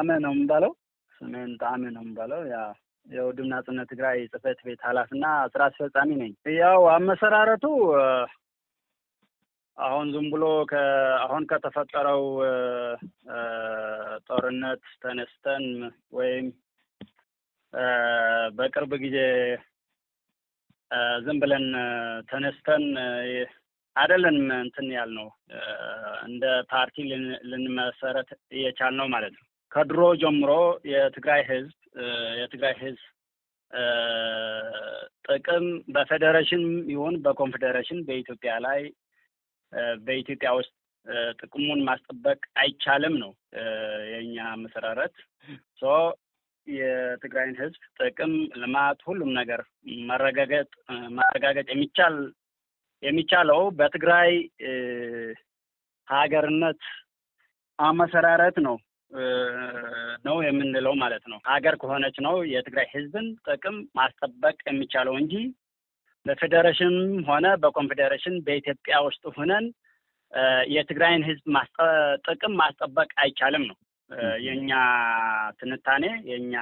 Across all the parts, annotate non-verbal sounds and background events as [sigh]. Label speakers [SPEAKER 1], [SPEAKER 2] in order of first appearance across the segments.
[SPEAKER 1] ጣመ ነው የሚባለው ስሜን ጣመ ነው የሚባለው ያ የውድብ ናጽነት ትግራይ ጽህፈት ቤት ኃላፊና ስራ አስፈጻሚ ነኝ። ያው አመሰራረቱ አሁን ዝም ብሎ አሁን ከተፈጠረው ጦርነት ተነስተን ወይም በቅርብ ጊዜ ዝም ብለን ተነስተን አይደለንም እንትን ያልነው እንደ ፓርቲ ልንመሰረት እየቻልነው ማለት ነው። ከድሮ ጀምሮ የትግራይ ህዝብ የትግራይ ህዝብ ጥቅም በፌዴሬሽን ይሁን በኮንፌዴሬሽን በኢትዮጵያ ላይ በኢትዮጵያ ውስጥ ጥቅሙን ማስጠበቅ አይቻልም ነው የእኛ መሰረረት። ሶ የትግራይን ህዝብ ጥቅም፣ ልማት፣ ሁሉም ነገር መረጋገጥ ማረጋገጥ የሚቻል የሚቻለው በትግራይ ሀገርነት አመሰራረት ነው። ነው የምንለው ማለት ነው። ሀገር ከሆነች ነው የትግራይ ህዝብን ጥቅም ማስጠበቅ የሚቻለው እንጂ በፌዴሬሽንም ሆነ በኮንፌዴሬሽን በኢትዮጵያ ውስጥ ሆነን የትግራይን ህዝብ ጥቅም ማስጠበቅ አይቻልም ነው የእኛ ትንታኔ የእኛ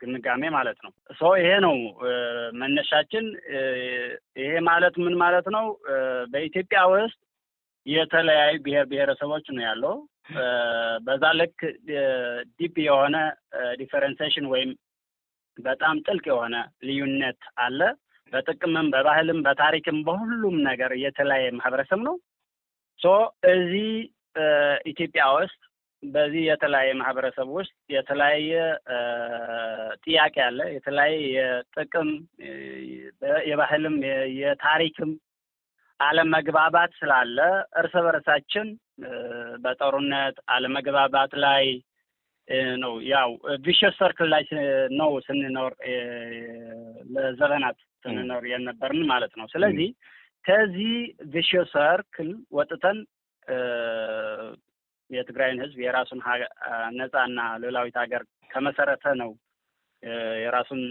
[SPEAKER 1] ግምጋሜ ማለት ነው። ሶ ይሄ ነው መነሻችን። ይሄ ማለት ምን ማለት ነው? በኢትዮጵያ ውስጥ የተለያዩ ብሔር ብሔረሰቦች ነው ያለው። በዛ ልክ ዲፕ የሆነ ዲፈረንሴሽን ወይም በጣም ጥልቅ የሆነ ልዩነት አለ። በጥቅምም በባህልም በታሪክም በሁሉም ነገር የተለያየ ማህበረሰብ ነው። ሶ እዚህ ኢትዮጵያ ውስጥ በዚህ የተለያየ ማህበረሰብ ውስጥ የተለያየ ጥያቄ አለ። የተለያየ የጥቅም የባህልም የታሪክም አለመግባባት ስላለ እርስ በርሳችን በጦርነት አለመግባባት ላይ ነው ያው ቪሸስ ሰርክል ላይ ነው ስንኖር ለዘመናት ስንኖር የነበርን ማለት ነው። ስለዚህ ከዚህ ቪሽስ ሰርክል ወጥተን የትግራይን ህዝብ የራሱን ነጻና ሉዓላዊት ሀገር ከመሰረተ ነው የራሱን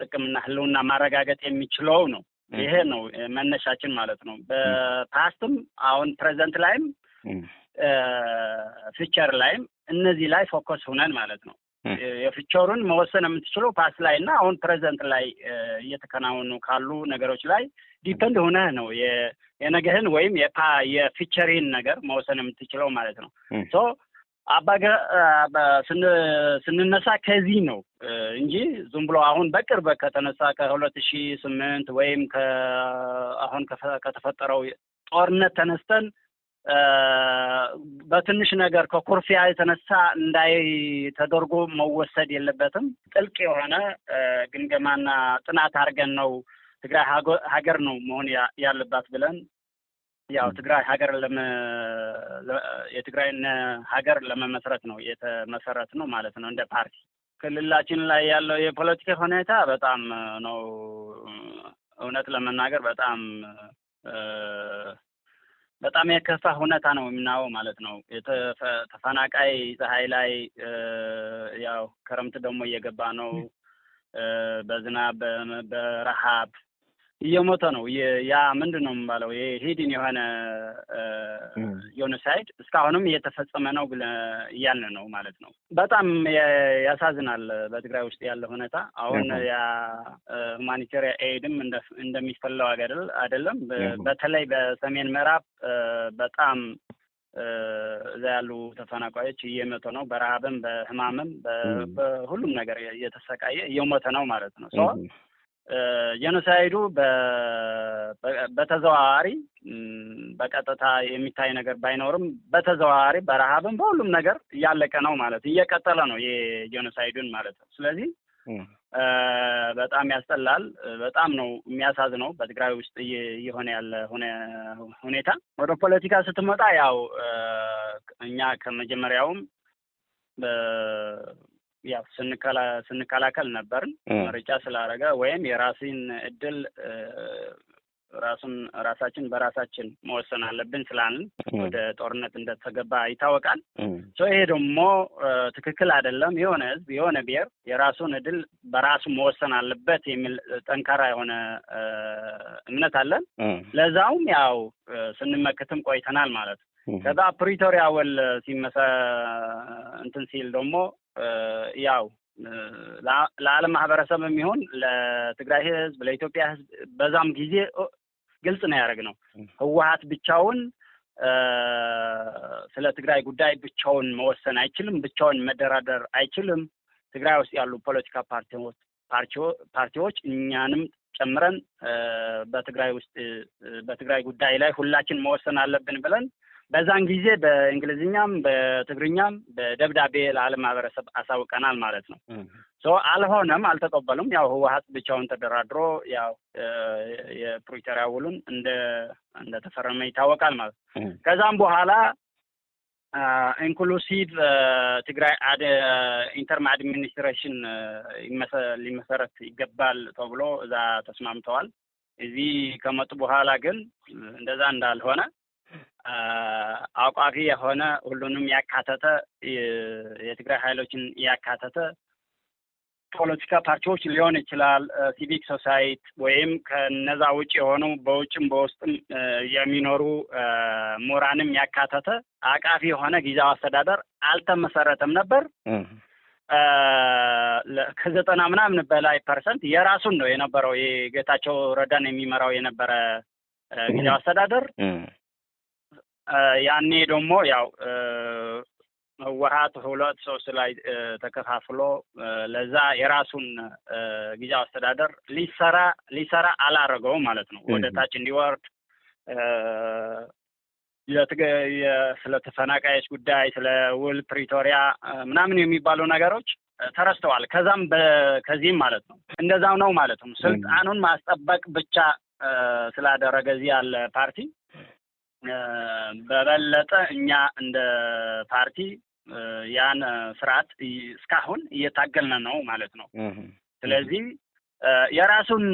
[SPEAKER 1] ጥቅምና ህልውና ማረጋገጥ የሚችለው ነው። ይሄ ነው መነሻችን ማለት ነው። በፓስትም አሁን ፕሬዘንት ላይም ፊቸር ላይም እነዚህ ላይ ፎከስ ሁነን ማለት ነው። የፊቸሩን መወሰን የምትችለው ፓስት ላይ እና አሁን ፕሬዘንት ላይ እየተከናወኑ ካሉ ነገሮች ላይ ዲፐንድ ሆነህ ነው የነገህን ወይም የፊቸሪን ነገር መወሰን የምትችለው ማለት ነው። አባጋ ስንነሳ ከዚህ ነው እንጂ ዝም ብሎ አሁን በቅርብ ከተነሳ ከሁለት ሺ ስምንት ወይም አሁን ከተፈጠረው ጦርነት ተነስተን በትንሽ ነገር ከኩርፊያ የተነሳ እንዳይ ተደርጎ መወሰድ የለበትም። ጥልቅ የሆነ ግምገማና ጥናት አድርገን ነው ትግራይ ሀገር ነው መሆን ያለባት ብለን ያው ትግራይ ሀገር የትግራይን ሀገር ለመመስረት ነው የተመሰረት ነው ማለት ነው እንደ ፓርቲ ክልላችን ላይ ያለው የፖለቲካ ሁኔታ በጣም ነው እውነት ለመናገር በጣም በጣም የከፋ ሁኔታ ነው የምናየው ማለት ነው። ተፈናቃይ ፀሐይ ላይ ያው ክረምት ደግሞ እየገባ ነው። በዝናብ በረሃብ እየሞተ ነው። ያ ምንድን ነው የሚባለው ሂድን የሆነ ዮኖሳይድ እስካሁንም እየተፈጸመ ነው እያልን ነው ማለት ነው። በጣም ያሳዝናል። በትግራይ ውስጥ ያለ ሁኔታ አሁን ያ ሁማኒቴሪያ ኤድም እንደሚፈለው አገር አይደለም። በተለይ በሰሜን ምዕራብ በጣም እዛ ያሉ ተፈናቃዮች እየሞተ ነው። በረሃብም፣ በህማምም፣ በሁሉም ነገር እየተሰቃየ እየሞተ ነው ማለት ነው። ጄኖሳይዱ በተዘዋዋሪ በቀጥታ የሚታይ ነገር ባይኖርም በተዘዋዋሪ በረሃብም በሁሉም ነገር እያለቀ ነው ማለት እየቀጠለ ነው የጀኖሳይዱን ማለት ነው። ስለዚህ በጣም ያስጠላል። በጣም ነው የሚያሳዝነው በትግራይ ውስጥ እየሆነ ያለ ሁኔታ። ወደ ፖለቲካ ስትመጣ ያው እኛ ከመጀመሪያውም ያው ስንከላከል ነበርን። ምርጫ ስላረገ ወይም የራስን እድል ራሱን ራሳችን በራሳችን መወሰን አለብን ስላልን ወደ ጦርነት እንደተገባ ይታወቃል። ይሄ ደግሞ ትክክል አይደለም። የሆነ ህዝብ የሆነ ብሔር የራሱን እድል በራሱ መወሰን አለበት የሚል ጠንካራ የሆነ እምነት አለን። ለዛውም ያው ስንመክትም ቆይተናል ማለት ነው። ከዛ ፕሪቶሪያ ወል ሲመሰ እንትን ሲል ደግሞ ያው ለዓለም ማህበረሰብ የሚሆን ለትግራይ ህዝብ፣ ለኢትዮጵያ ህዝብ በዛም ጊዜ ግልጽ ነው ያደረግ ነው። ህወሀት ብቻውን ስለ ትግራይ ጉዳይ ብቻውን መወሰን አይችልም፣ ብቻውን መደራደር አይችልም። ትግራይ ውስጥ ያሉ ፖለቲካ ፓርቲዎች እኛንም ጨምረን በትግራይ ውስጥ በትግራይ ጉዳይ ላይ ሁላችን መወሰን አለብን ብለን በዛን ጊዜ በእንግሊዝኛም በትግርኛም በደብዳቤ ለዓለም ማህበረሰብ አሳውቀናል ማለት ነው። አልሆነም፣ አልተቀበሉም። ያው ህወሀት ብቻውን ተደራድሮ ያው የፕሪቶሪያ ውሉን እንደ እንደተፈረመ ይታወቃል ማለት ነው። ከዛም በኋላ ኢንክሉሲቭ ትግራይ ኢንተርም አድሚኒስትሬሽን ሊመሰረት ይገባል ተብሎ እዛ ተስማምተዋል። እዚህ ከመጡ በኋላ ግን እንደዛ እንዳልሆነ አቋፊ የሆነ ሁሉንም ያካተተ የትግራይ ኃይሎችን ያካተተ ፖለቲካ ፓርቲዎች ሊሆን ይችላል። ሲቪክ ሶሳይት ወይም ከነዛ ውጭ የሆኑ በውጭም በውስጥም የሚኖሩ ምሁራንም ያካተተ አቃፊ የሆነ ጊዜያዊ አስተዳደር አልተመሰረተም ነበር። ከዘጠና ምናምን በላይ ፐርሰንት የራሱን ነው የነበረው የጌታቸው ረዳን የሚመራው የነበረ ጊዜያዊ አስተዳደር ያኔ ደግሞ ያው ህወሀት ሁለት ሶስት ላይ ተከፋፍሎ ለዛ የራሱን ጊዜ አስተዳደር ሊሰራ ሊሰራ አላረገውም ማለት ነው። ወደ ታች እንዲወርድ ስለ ተፈናቃዮች ጉዳይ፣ ስለ ውል ፕሪቶሪያ ምናምን የሚባሉ ነገሮች ተረስተዋል። ከዛም ከዚህም ማለት ነው እንደዛው ነው ማለት ነው። ስልጣኑን ማስጠበቅ ብቻ ስላደረገ እዚህ ያለ ፓርቲ በበለጠ እኛ እንደ ፓርቲ ያን ስርዓት እስካሁን እየታገልን ነው ማለት ነው። ስለዚህ የራሱን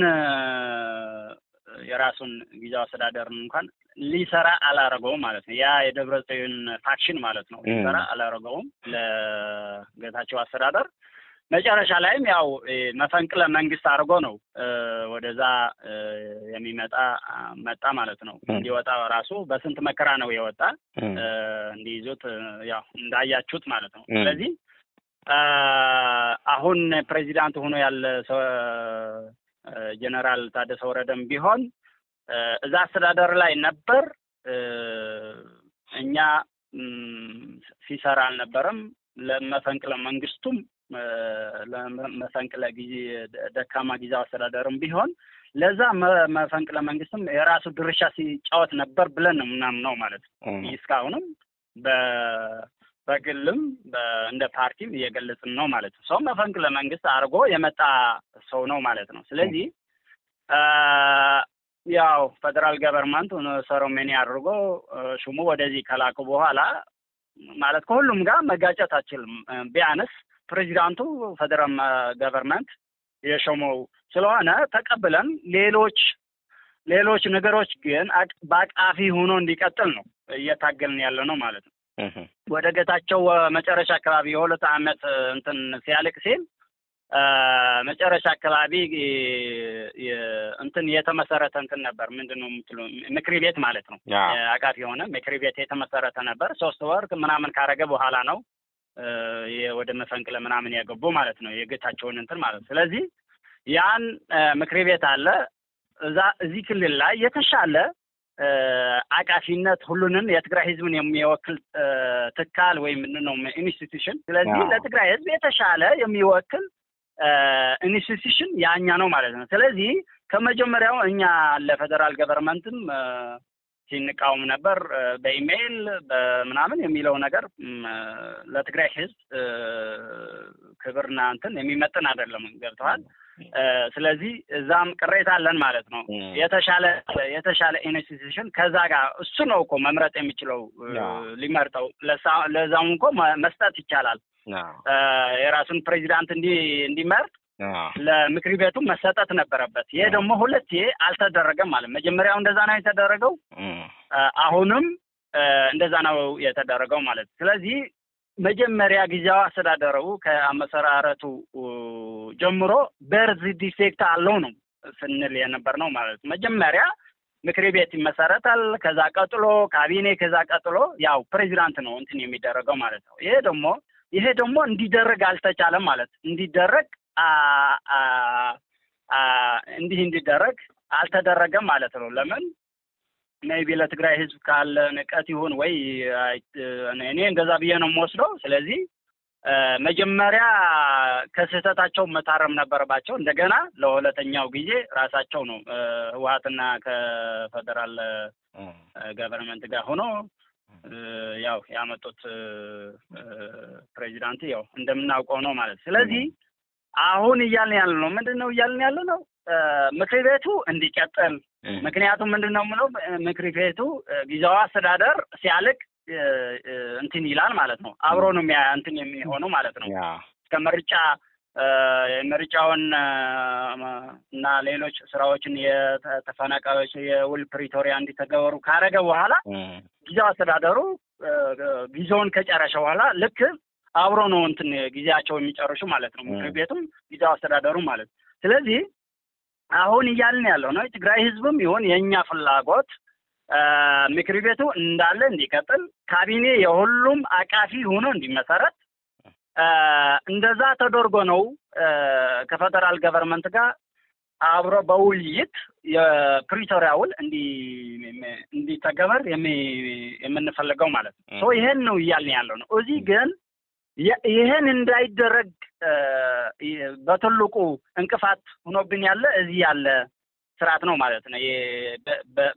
[SPEAKER 1] የራሱን ጊዜው አስተዳደርን እንኳን ሊሰራ አላረገውም ማለት ነው። ያ የደብረ ጽዮን ፋክሽን ማለት ነው ሊሰራ አላረገውም ለጌታቸው አስተዳደር መጨረሻ ላይም ያው መፈንቅለ መንግስት አድርጎ ነው ወደዛ የሚመጣ መጣ ማለት ነው። እንዲወጣ ራሱ በስንት መከራ ነው የወጣ እንዲይዙት ያው እንዳያችሁት ማለት ነው። ስለዚህ አሁን ፕሬዚዳንት ሆኖ ያለ ጀነራል ታደሰ ወረደም ቢሆን እዛ አስተዳደር ላይ ነበር። እኛ ሲሰራ አልነበረም። ለመፈንቅለ መንግስቱም መፈንቅለ ጊዜ ደካማ ጊዜ አስተዳደርም ቢሆን ለዛ መፈንቅለ መንግስትም የራሱ ድርሻ ሲጫወት ነበር ብለን ነው ምናምነው ማለት ነው። እስካሁንም በግልም እንደ ፓርቲም እየገለጽን ነው ማለት ነው። ሰው መፈንቅለ መንግስት አድርጎ የመጣ ሰው ነው ማለት ነው። ስለዚህ ያው ፌደራል ገቨርንመንት ሰሮሜኒ አድርጎ ሹሙ ወደዚህ ከላኩ በኋላ ማለት ከሁሉም ጋር መጋጨት አችልም ቢያንስ ፕሬዚዳንቱ ፌደራል ገቨርንመንት የሾመው ስለሆነ ተቀብለን ሌሎች ሌሎች ነገሮች ግን በአቃፊ ሆኖ እንዲቀጥል ነው እየታገልን ያለ ነው ማለት ነው። ወደ ጌታቸው መጨረሻ አካባቢ የሁለት ዓመት እንትን ሲያልቅ ሲል መጨረሻ አካባቢ እንትን የተመሰረተ እንትን ነበር። ምንድን ነው የምትለው? ምክር ቤት ማለት ነው። አቃፊ የሆነ ምክር ቤት የተመሰረተ ነበር። ሶስት ወር ምናምን ካረገ በኋላ ነው ወደ መፈንቅለ ምናምን ያገቡ ማለት ነው የጌታቸውን እንትን ማለት ነው። ስለዚህ ያን ምክር ቤት አለ እዛ እዚህ ክልል ላይ የተሻለ አቃፊነት ሁሉንም የትግራይ ህዝብን የሚወክል ትካል ወይም ምንነው ኢንስቲቱሽን ስለዚህ ለትግራይ ህዝብ የተሻለ የሚወክል ኢንስቲቱሽን ያኛ ነው ማለት ነው። ስለዚህ ከመጀመሪያው እኛ ለፌደራል ገቨርንመንትም ሲንቃውም ነበር። በኢሜይል በምናምን የሚለው ነገር ለትግራይ ህዝብ ክብርና እንትን የሚመጥን አይደለም። ገብተዋል። ስለዚህ እዛም ቅሬታ አለን ማለት ነው። የተሻለ የተሻለ ኢንስቲቱሽን ከዛ ጋር እሱ ነው እኮ መምረጥ የሚችለው ሊመርጠው። ለዛም እኮ መስጠት ይቻላል የራሱን ፕሬዚዳንት እንዲመርጥ ለምክር ቤቱ መሰጠት ነበረበት። ይሄ ደግሞ ሁለቴ አልተደረገም ማለት መጀመሪያው እንደዛ ነው የተደረገው፣ አሁንም እንደዛ ነው የተደረገው ማለት ስለዚህ መጀመሪያ ጊዜያዊ አስተዳደሩ ከአመሰራረቱ ጀምሮ በርዝ ዲፌክት አለው ነው ስንል የነበር ነው ማለት መጀመሪያ ምክር ቤት ይመሰረታል። ከዛ ቀጥሎ ካቢኔ፣ ከዛ ቀጥሎ ያው ፕሬዚዳንት ነው እንትን የሚደረገው ማለት ነው። ይሄ ደግሞ ይሄ ደግሞ እንዲደረግ አልተቻለም ማለት እንዲደረግ እንዲህ እንዲደረግ አልተደረገም ማለት ነው። ለምን ሜይቢ ለትግራይ ህዝብ ካለ ንቀት ይሁን ወይ እኔ እንደዛ ብዬ ነው የምወስደው። ስለዚህ መጀመሪያ ከስህተታቸው መታረም ነበረባቸው። እንደገና ለሁለተኛው ጊዜ ራሳቸው ነው ህወሀትና ከፌደራል ገቨርንመንት ጋር ሆኖ ያው ያመጡት ፕሬዚዳንት ያው እንደምናውቀው ነው ማለት ስለዚህ አሁን እያልን ያለ ነው ምንድን ነው እያልን ያለ ነው ምክር ቤቱ እንዲቀጥል። ምክንያቱም ምንድን ነው ምለው ምክር ቤቱ ጊዜው አስተዳደር ሲያልቅ እንትን ይላል ማለት ነው። አብሮ ነው እንትን የሚሆነው ማለት ነው እስከ ምርጫ ምርጫውን እና ሌሎች ስራዎችን የተፈናቃዮች የውል ፕሪቶሪያ እንዲተገበሩ ካረገ በኋላ ጊዜው አስተዳደሩ ጊዜውን ከጨረሸ በኋላ ልክ አብሮ ነው እንትን ጊዜያቸው የሚጨርሹ ማለት ነው፣ ምክር ቤቱም ጊዜው አስተዳደሩ ማለት ነው። ስለዚህ አሁን እያልን ያለው ነው የትግራይ ህዝብም ይሁን የእኛ ፍላጎት ምክር ቤቱ እንዳለ እንዲቀጥል፣ ካቢኔ የሁሉም አቃፊ ሆኖ እንዲመሰረት እንደዛ ተደርጎ ነው ከፌደራል ገቨርንመንት ጋር አብሮ በውይይት የፕሪቶሪያ ውል እንዲተገበር የምንፈልገው ማለት ነው። ይሄን ነው እያልን ያለው ነው። እዚህ ግን ይህን እንዳይደረግ በትልቁ እንቅፋት ሆኖብን ያለ እዚህ ያለ ስርዓት ነው ማለት ነው።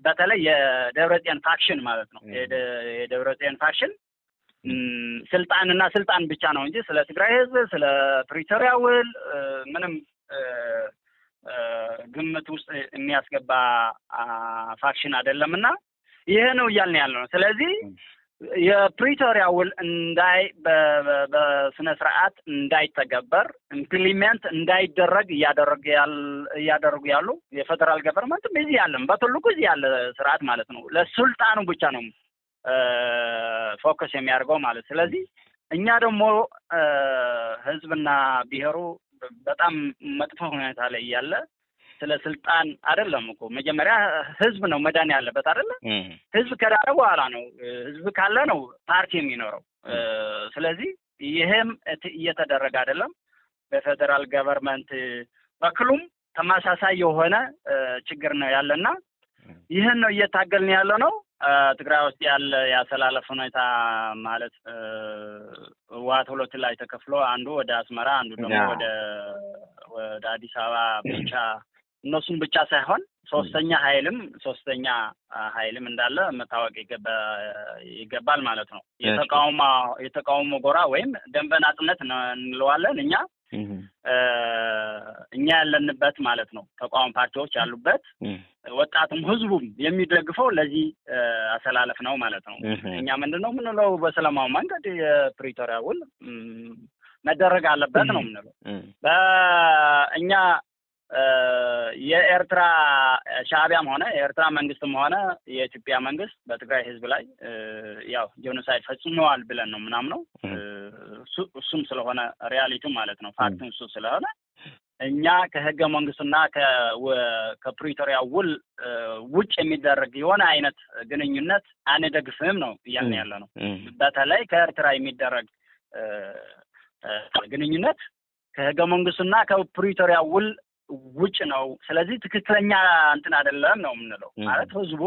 [SPEAKER 1] በተለይ የደብረጽዮን ፋክሽን ማለት ነው። የደብረጽዮን ፋክሽን ስልጣን እና ስልጣን ብቻ ነው እንጂ ስለ ትግራይ ህዝብ ስለ ፕሪቶሪያ ውል ምንም ግምት ውስጥ የሚያስገባ ፋክሽን አይደለም እና ይሄ ነው እያልን ያለ ነው። ስለዚህ የፕሪቶሪያ ውል እንዳይ በስነ ስርዓት እንዳይተገበር ኢምፕሊሜንት እንዳይደረግ እያደረጉ ያሉ የፌደራል ገቨርንመንትም እዚህ ያለም በትልቁ እዚህ ያለ ስርዓት ማለት ነው። ለሱልጣኑ ብቻ ነው ፎከስ የሚያደርገው ማለት ስለዚህ እኛ ደግሞ ህዝብና ብሔሩ በጣም መጥፎ ሁኔታ ላይ እያለ ስለ ስልጣን አይደለም እኮ መጀመሪያ ህዝብ ነው መዳን ያለበት አይደለ? ህዝብ ከዳረ በኋላ ነው ህዝብ ካለ ነው ፓርቲ የሚኖረው። ስለዚህ ይህም እየተደረገ አይደለም። በፌዴራል ገቨርንመንት በክሉም ተመሳሳይ የሆነ ችግር ነው ያለና ይህን ነው እየታገልን ያለ ነው። ትግራይ ውስጥ ያለ የአሰላለፍ ሁኔታ ማለት ህወሓት ሁለት ላይ ተከፍሎ አንዱ ወደ አስመራ፣ አንዱ ደግሞ ወደ አዲስ አበባ ብቻ እነሱን ብቻ ሳይሆን ሶስተኛ ሀይልም ሶስተኛ ኃይልም እንዳለ መታወቅ ይገባል ማለት ነው። የተቃውሞ የተቃውሞ ጎራ ወይም ደንበን አጥነት እንለዋለን እኛ እኛ ያለንበት ማለት ነው። ተቃዋሚ ፓርቲዎች ያሉበት ወጣቱም ህዝቡም የሚደግፈው ለዚህ አሰላለፍ ነው ማለት ነው። እኛ ምንድን ነው የምንለው በሰላማዊ መንገድ የፕሪቶሪያ ውል መደረግ አለበት ነው የምንለው። በእኛ የኤርትራ ሻዕቢያም ሆነ የኤርትራ መንግስትም ሆነ የኢትዮጵያ መንግስት በትግራይ ህዝብ ላይ ያው ጄኖሳይድ ፈጽመዋል ብለን ነው ምናምነው። እሱም ስለሆነ ሪያሊቲ ማለት ነው ፋክትን እሱ ስለሆነ እኛ ከህገ መንግስቱና ከፕሪቶሪያ ውል ውጭ የሚደረግ የሆነ አይነት ግንኙነት አንደግፍም ነው እያን ያለ ነው። በተለይ ከኤርትራ የሚደረግ ግንኙነት ከህገ መንግስቱና ከፕሪቶሪያ ውል ውጭ ነው። ስለዚህ ትክክለኛ እንትን አይደለም ነው የምንለው። ማለት ህዝቡ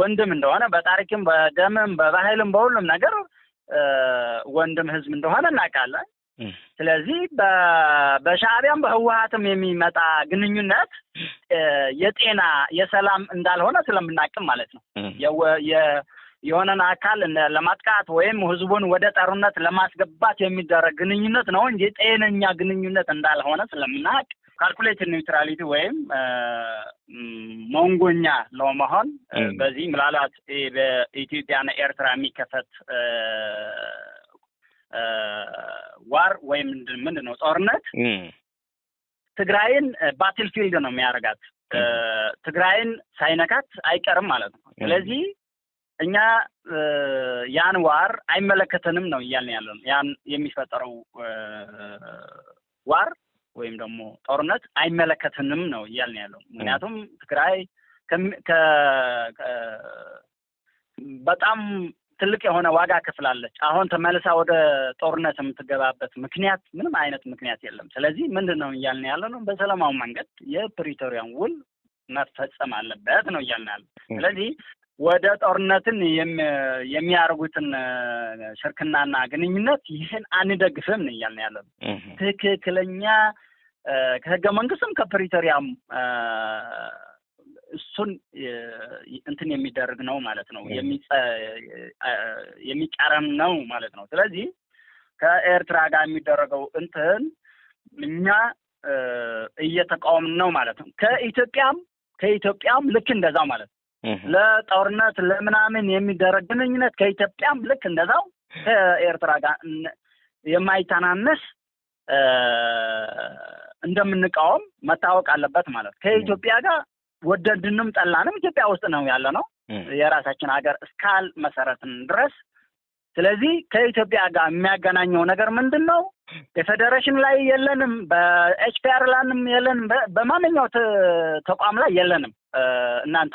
[SPEAKER 1] ወንድም እንደሆነ በታሪክም በደምም በባህልም በሁሉም ነገር ወንድም ህዝብ እንደሆነ እናውቃለን። ስለዚህ በሻዕቢያም በህወሀትም የሚመጣ ግንኙነት የጤና የሰላም እንዳልሆነ ስለምናቅም ማለት ነው የሆነን አካል ለማጥቃት ወይም ህዝቡን ወደ ጠሩነት ለማስገባት የሚደረግ ግንኙነት ነው እንጂ ጤነኛ ግንኙነት እንዳልሆነ ስለምናቅ ካልኩሌት ኒውትራሊቲ ወይም መንጎኛ ለመሆን በዚህ ምናልባት በኢትዮጵያና ኤርትራ የሚከፈት ዋር ወይም ምንድን ነው ጦርነት ትግራይን ባትልፊልድ ነው የሚያደርጋት። ትግራይን ሳይነካት አይቀርም ማለት ነው። ስለዚህ እኛ ያን ዋር አይመለከተንም ነው እያልን ያለን ያን የሚፈጠረው ዋር ወይም ደግሞ ጦርነት አይመለከትንም ነው እያልን ያለው። ምክንያቱም ትግራይ በጣም ትልቅ የሆነ ዋጋ ክፍላለች አሁን ተመልሳ ወደ ጦርነት የምትገባበት ምክንያት ምንም አይነት ምክንያት የለም። ስለዚህ ምንድን ነው እያልን ያለ ነው፣ በሰላማዊ መንገድ የፕሪቶሪያን ውል መፈጸም አለበት ነው እያልን ያለ። ስለዚህ ወደ ጦርነትን የሚያደርጉትን ሽርክናና ግንኙነት ይህን አንደግፍም እያልን ያለ ትክክለኛ ከህገ መንግስትም ከፕሪቶሪያም እሱን እንትን የሚደረግ ነው ማለት ነው፣ የሚቃረም ነው ማለት ነው። ስለዚህ ከኤርትራ ጋር የሚደረገው እንትን እኛ እየተቃወምን ነው ማለት ነው። ከኢትዮጵያም ከኢትዮጵያም ልክ እንደዛ ማለት ነው። ለጦርነት ለምናምን የሚደረግ ግንኙነት ከኢትዮጵያም ልክ እንደዛው ከኤርትራ ጋር የማይተናነስ እንደምንቃወም መታወቅ አለበት ማለት ከኢትዮጵያ ጋር ወደድንም ጠላንም ኢትዮጵያ ውስጥ ነው ያለ ነው። የራሳችን ሀገር እስካል መሰረትን ድረስ ስለዚህ ከኢትዮጵያ ጋር የሚያገናኘው ነገር ምንድን ነው? የፌዴሬሽን ላይ የለንም፣ በኤችፒአር ላንም የለንም፣ በማንኛው ተቋም ላይ የለንም፣ እናንተ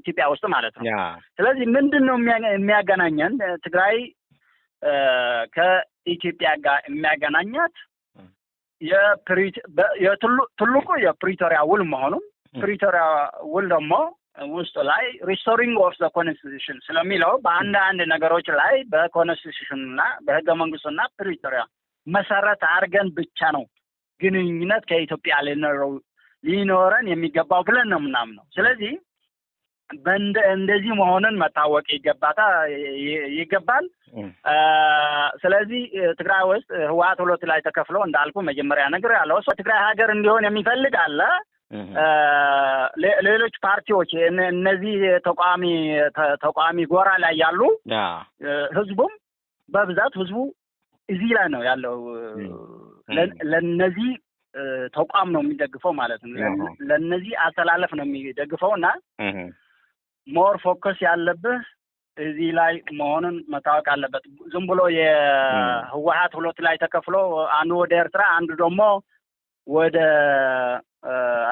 [SPEAKER 1] ኢትዮጵያ ውስጥ ማለት ነው። ስለዚህ ምንድን ነው የሚያገናኘን? ትግራይ ከኢትዮጵያ ጋር የሚያገናኛት ትልቁ የፕሪቶሪያ ውል መሆኑም ፕሪቶሪያ ውል ደግሞ ውስጥ ላይ ሪስቶሪንግ ኦፍ ዘ ኮንስቲቱሽን ስለሚለው በአንዳንድ ነገሮች ላይ በኮንስቲቱሽንና በህገ መንግስቱና ፕሪቶሪያ መሰረት አድርገን ብቻ ነው ግንኙነት ከኢትዮጵያ ሊኖረን የሚገባው ብለን ነው ምናምነው። ስለዚህ እንደዚህ መሆንን መታወቅ ይገባታ ይገባል። ስለዚህ ትግራይ ውስጥ ህወሀት ሁለት ላይ ተከፍሎ እንዳልኩ መጀመሪያ ነገር ያለው ትግራይ ሀገር እንዲሆን የሚፈልግ አለ። ሌሎች ፓርቲዎች እነዚህ ተቋሚ ተቋሚ ጎራ ላይ ያሉ ህዝቡም በብዛት ህዝቡ እዚህ ላይ ነው ያለው። ለነዚህ ተቋም ነው የሚደግፈው ማለት ነው። ለነዚህ አስተላለፍ ነው የሚደግፈው እና ሞር ፎከስ ያለብህ እዚህ ላይ መሆኑን መታወቅ አለበት። ዝም ብሎ የህወሀት ሁለት ላይ ተከፍሎ አንዱ ወደ ኤርትራ፣ አንዱ ደግሞ ወደ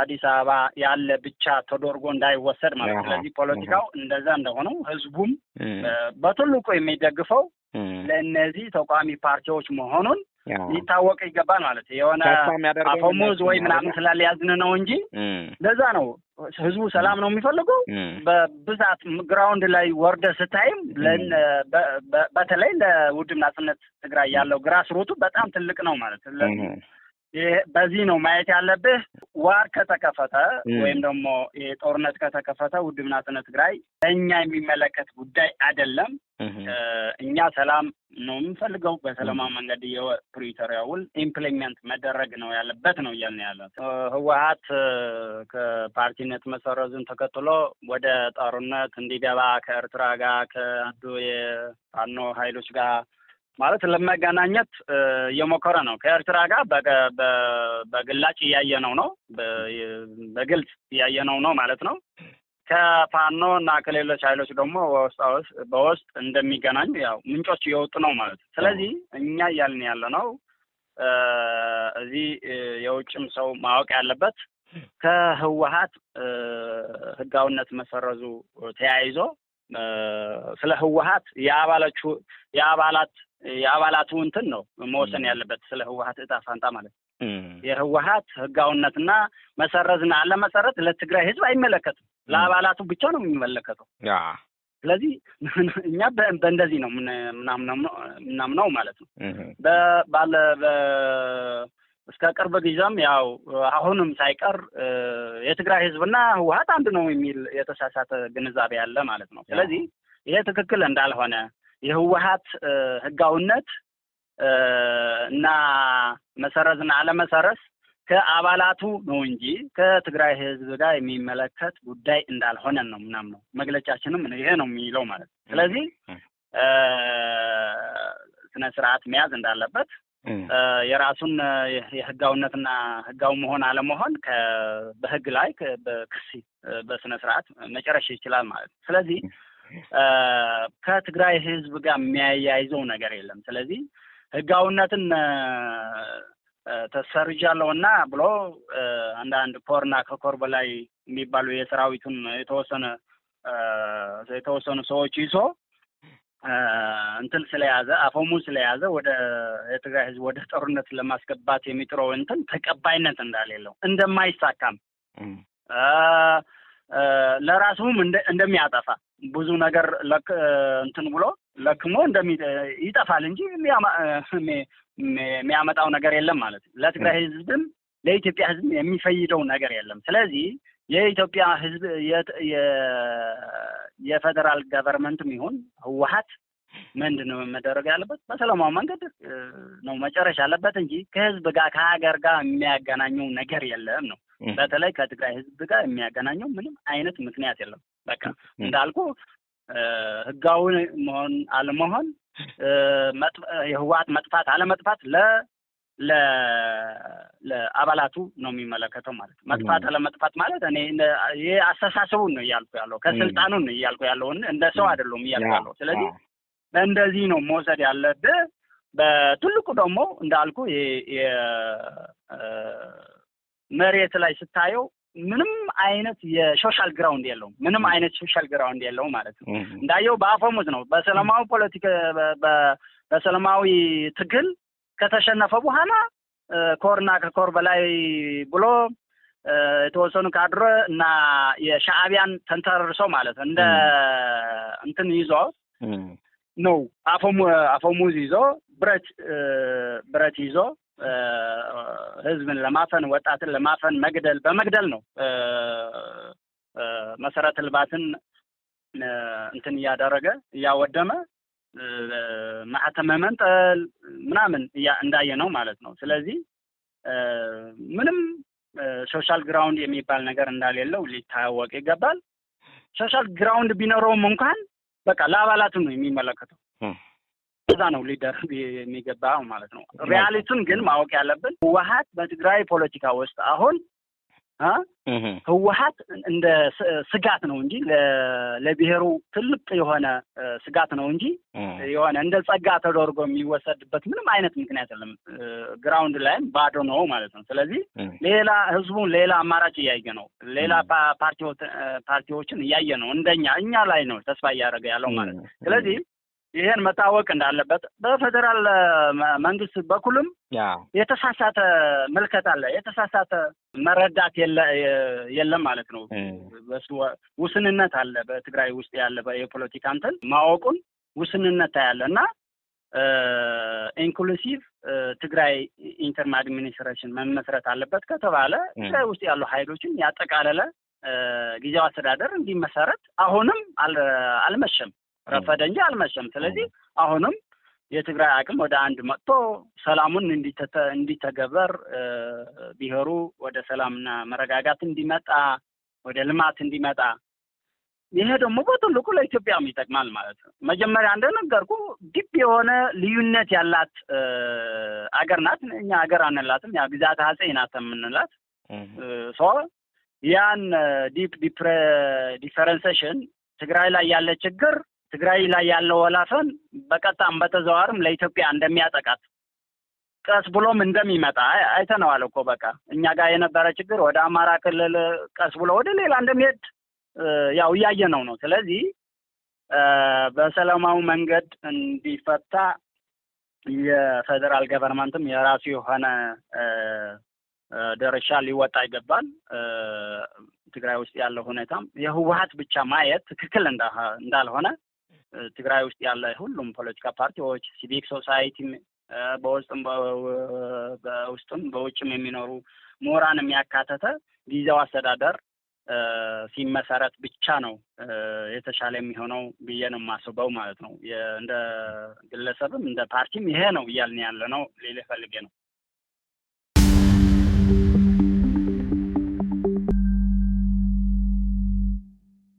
[SPEAKER 1] አዲስ አበባ ያለ ብቻ ተደርጎ እንዳይወሰድ ማለት ነው። ስለዚህ ፖለቲካው እንደዛ እንደሆነው ህዝቡም በትልቁ የሚደግፈው ለእነዚህ ተቋሚ ፓርቲዎች መሆኑን ሊታወቅ ይገባል ማለት የሆነ አፈሙዝ ወይ ምናምን ያዝን ነው እንጂ ለዛ ነው ህዝቡ ሰላም ነው የሚፈልገው። በብዛት ግራውንድ ላይ ወርደ ስታይም በተለይ ለውድብ ናጽነት ትግራይ ያለው ግራስ በጣም ትልቅ ነው ማለት በዚህ ነው ማየት ያለብህ። ዋር ከተከፈተ ወይም ደግሞ ጦርነት ከተከፈተ ውድብ ናጽነት ትግራይ ለእኛ የሚመለከት ጉዳይ አይደለም። እኛ ሰላም ነው የምንፈልገው። በሰላማዊ መንገድ የፕሪቶሪያ ውል ኢምፕሊመንት መደረግ ነው ያለበት ነው እያልን ያለ። ህወሀት ከፓርቲነት መሰረዙን ተከትሎ ወደ ጦርነት እንዲገባ ከኤርትራ ጋር ከአንዱ የፋኖ ሀይሎች ጋር ማለት ለመገናኘት እየሞከረ ነው። ከኤርትራ ጋር በግላጭ እያየነው ነው፣ በግልጽ እያየነው ነው ማለት ነው። ከፋኖ እና ከሌሎች ኃይሎች ደግሞ በውስጥ እንደሚገናኙ ያው ምንጮች እየወጡ ነው ማለት ነው። ስለዚህ እኛ እያልን ያለ ነው እዚህ የውጭም ሰው ማወቅ ያለበት ከህወሀት ህጋዊነት መሰረዙ ተያይዞ ስለ ህወሀት የአባላት የአባላቱ እንትን ነው መወሰን ያለበት ስለ ህወሀት እጣ ፋንታ ማለት ነው። የህወሀት ህጋውነትና መሰረዝና አለመሰረት ለትግራይ ህዝብ አይመለከትም። ለአባላቱ ብቻ ነው የሚመለከተው። ስለዚህ [laughs] እኛ በእንደዚህ ነው ምናምነው ማለት ነው። ባለ እስከ ቅርብ ጊዜም ያው አሁንም ሳይቀር የትግራይ ህዝብና ህወሀት አንድ ነው የሚል የተሳሳተ ግንዛቤ ያለ ማለት ነው። ስለዚህ ይሄ ትክክል እንዳልሆነ የህወሀት ህጋዊነት እና መሰረዝና አለመሰረስ ከአባላቱ ነው እንጂ ከትግራይ ህዝብ ጋር የሚመለከት ጉዳይ እንዳልሆነ ነው ምናምነው። መግለጫችንም ይሄ ነው የሚለው ማለት ነው። ስለዚህ ስነ ስርዓት መያዝ እንዳለበት የራሱን የህጋውነትና ህጋው መሆን አለመሆን በህግ ላይ ክስ በስነ ስርዓት መጨረሻ ይችላል ማለት ነው። ስለዚህ ከትግራይ ህዝብ ጋር የሚያያይዘው ነገር የለም። ስለዚህ ህጋዊነትን ተሰርጃለሁ እና ብሎ አንዳንድ ፖርና ከኮር በላይ የሚባሉ የሰራዊቱን የተወሰነ የተወሰኑ ሰዎች ይዞ እንትን ስለያዘ አፈሙ ስለያዘ ወደ የትግራይ ህዝብ ወደ ጦርነት ለማስገባት የሚጥረው እንትን ተቀባይነት እንዳሌለው እንደማይሳካም ለራሱም እንደሚያጠፋ ብዙ ነገር እንትን ብሎ ለክሞ እንደሚ ይጠፋል እንጂ የሚያመጣው ነገር የለም ማለት ነው። ለትግራይ ህዝብም ለኢትዮጵያ ህዝብ የሚፈይደው ነገር የለም። ስለዚህ የኢትዮጵያ ህዝብ የፌደራል ገቨርንመንትም ይሁን ህወሀት ምንድን ነው መደረግ ያለበት? በሰላማዊ መንገድ ነው መጨረሻ ያለበት እንጂ ከህዝብ ጋር ከሀገር ጋር የሚያገናኘው ነገር የለም ነው። በተለይ ከትግራይ ህዝብ ጋር የሚያገናኘው ምንም አይነት ምክንያት የለም። በቃ እንዳልኩ ህጋዊ መሆን አለመሆን የህወሀት መጥፋት አለመጥፋት ለ ለአባላቱ ነው የሚመለከተው ማለት መጥፋት አለመጥፋት ማለት እኔ ይህ አስተሳሰቡን ነው እያልኩ ያለው ከስልጣኑን ነው እያልኩ ያለው እንደ ሰው አይደለም እያልኩ ያለው። ስለዚህ እንደዚህ ነው መውሰድ ያለብ በትልቁ ደግሞ እንዳልኩ መሬት ላይ ስታየው ምንም አይነት የሶሻል ግራውንድ የለውም። ምንም አይነት ሶሻል ግራውንድ የለውም ማለት ነው። እንዳየው በአፈሙዝ ነው። በሰላማዊ ፖለቲካ በሰላማዊ ትግል ከተሸነፈ በኋላ ኮርና ከኮር በላይ ብሎ የተወሰኑ ካድሮ እና የሻዕቢያን ተንተርሶ ማለት ነው እንደ እንትን ይዞ ነው አፈሙዝ ይዞ ብረት ብረት ይዞ ህዝብን ለማፈን ወጣትን ለማፈን መግደል በመግደል ነው መሰረተ ልማትን እንትን እያደረገ እያወደመ ማዕተ መንጠል ምናምን እንዳየ ነው ማለት ነው። ስለዚህ ምንም ሶሻል ግራውንድ የሚባል ነገር እንዳሌለው ሊታወቅ ይገባል። ሶሻል ግራውንድ ቢኖረውም እንኳን በቃ ለአባላቱ ነው የሚመለከተው። እዛ ነው ሊደር የሚገባው ማለት ነው። ሪያሊቱን ግን ማወቅ ያለብን ህወሀት በትግራይ ፖለቲካ ውስጥ አሁን ህወሀት እንደ ስጋት ነው እንጂ ለብሔሩ ትልቅ የሆነ ስጋት ነው እንጂ የሆነ እንደ ጸጋ ተደርጎ የሚወሰድበት ምንም አይነት ምክንያት የለም። ግራውንድ ላይም ባዶ ነው ማለት ነው። ስለዚህ ሌላ ህዝቡን ሌላ አማራጭ እያየ ነው፣ ሌላ ፓርቲዎችን እያየ ነው። እንደኛ እኛ ላይ ነው ተስፋ እያደረገ ያለው ማለት ነው። ስለዚህ ይሄን መታወቅ እንዳለበት በፌዴራል መንግስት በኩልም የተሳሳተ ምልከት አለ፣ የተሳሳተ መረዳት የለም ማለት ነው። ውስንነት አለ በትግራይ ውስጥ ያለ የፖለቲካ እንትን ማወቁን ውስንነት ታያለ እና ኢንክሉሲቭ ትግራይ ኢንተርም አድሚኒስትሬሽን መመስረት አለበት ከተባለ ትግራይ ውስጥ ያሉ ሀይሎችን ያጠቃለለ ጊዜው አስተዳደር እንዲመሰረት አሁንም አልመሸም። ረፈደ እንጂ አልመሸም። ስለዚህ አሁንም የትግራይ አቅም ወደ አንድ መጥቶ ሰላሙን እንዲተገበር ብሔሩ ወደ ሰላምና መረጋጋት እንዲመጣ ወደ ልማት እንዲመጣ ይሄ ደግሞ በትልቁ ለኢትዮጵያም ይጠቅማል ማለት ነው። መጀመሪያ እንደነገርኩ ግብ የሆነ ልዩነት ያላት አገር ናት። እኛ አገር አንላትም፣ ያ ግዛት አጼ ናት የምንላት ሶ ያን ዲፕ ዲፈረንሴሽን ትግራይ ላይ ያለ ችግር ትግራይ ላይ ያለው ወላፈን በቀጥታም በተዘዋርም ለኢትዮጵያ እንደሚያጠቃት ቀስ ብሎም እንደሚመጣ አይተነዋል እኮ በቃ እኛ ጋር የነበረ ችግር ወደ አማራ ክልል ቀስ ብሎ ወደ ሌላ እንደሚሄድ ያው እያየ ነው። ስለዚህ በሰላማዊ መንገድ እንዲፈታ የፌዴራል ገቨርንመንትም የራሱ የሆነ ደረሻ ሊወጣ ይገባል። ትግራይ ውስጥ ያለው ሁኔታም የህወሀት ብቻ ማየት ትክክል እንዳልሆነ ትግራይ ውስጥ ያለ ሁሉም ፖለቲካ ፓርቲዎች፣ ሲቪክ ሶሳይቲም በውስጥም በውስጥም በውጭም የሚኖሩ ምሁራን የሚያካተተ ጊዜው አስተዳደር ሲመሰረት ብቻ ነው የተሻለ የሚሆነው ብዬ ነው የማስበው ማለት ነው። እንደ ግለሰብም እንደ ፓርቲም ይሄ ነው እያልን ያለ ነው ሌላ ፈልጌ ነው።